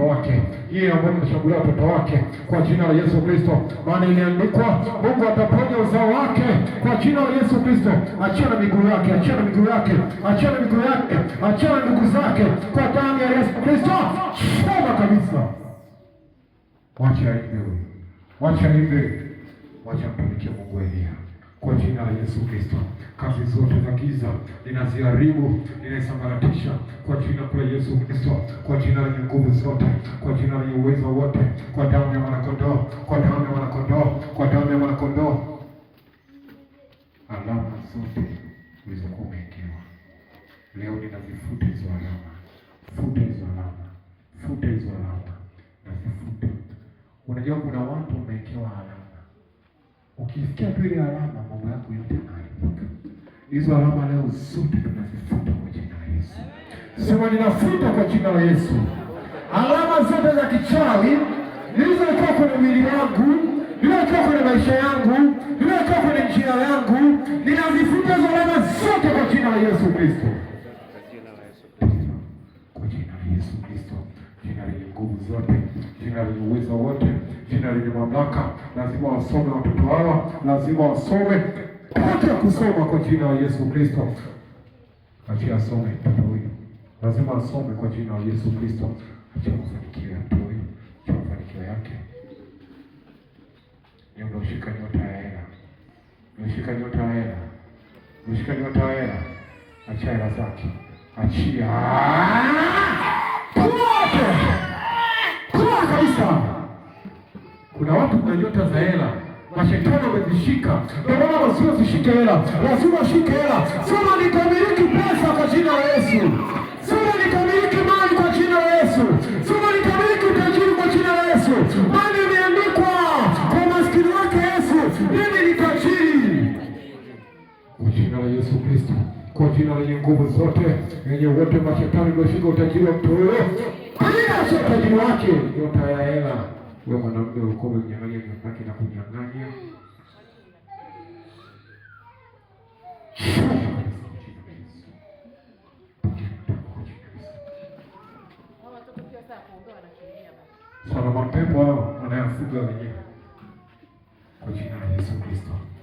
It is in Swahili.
mama wake, yeye ambaye ameshambulia watoto wake kwa jina la Yesu Kristo, maana imeandikwa Mungu ataponya uzao wake kwa jina la Yesu Kristo. Achana miguu yake, na miguu yake, achana miguu yake, achana miguu zake kwa damu ya Yesu Kristo. Sema kabisa, wacha aibe, wacha aibe, wacha mtumikie Mungu wenyewe kwa jina la Yesu Kristo. Kazi zote za giza ninaziharibu, ninaisambaratisha kwa jina la Yesu Kristo, kwa jina lenye nguvu zote, kwa jina lenye uwezo wote, kwa damu ya mwanakondoo, kwa damu ya mwanakondoo, kwa damu ya mwanakondoo. Alama zote ulizokuwa umeingiwa leo ninazifuta hizo alama, futa hizo alama, futa hizo alama, nazifute. Unajua kuna watu wamewekewa alama ukisikia tu ile alama, mambo yako yote yanaharibika. Hizo alama leo zote tunazifuta kwa jina la Yesu. Sema ninafuta kwa jina la Yesu alama zote za kichawi zilizokuwa kwenye mwili wangu, zilizokuwa kwenye maisha yangu, zilizokuwa kwenye njia yangu, ninazifuta hizo alama zote kwa jina la Yesu Kristo, kwa jina la Yesu Kristo, jina lenye nguvu zote, jina lenye uwezo wote jina lenye mamlaka. Lazima wasome watoto hawa, lazima wasome pate ya kusoma kwa jina la Yesu Kristo. Achia asome mtoto huyu, lazima asome kwa jina la Yesu Kristo. Achia mafanikio mtoto huyu, achia mafanikio yake. Ni unaoshika nyota ya hela, unaoshika nyota ya hela, unaoshika nyota ya hela. Achia hela zake, achia pote pote kabisa. Kuna watu kuna nyota za hela, mashetani wamezishika. Ndio maana zishike hela lazima washike hela. Sema nikamiliki pesa kwa jina la Yesu. Sema nikamiliki mali kwa jina la Yesu. Sema nikamiliki utajiri kwa jina la Yesu. Mali imeandikwa kwa maskini wake Yesu, mimi ni tajiri kwa jina la Yesu Kristo, kwa jina lenye nguvu zote, yenye wote mashetani wameshika utajiri wa mtu huyo, tajiri wake nyota ya hela wewe mwanamume uko umemnyang'anya mwanamke na kunyang'anya Salama pepo hao wanayafuga wenyewe kwa jina la Yesu Kristo.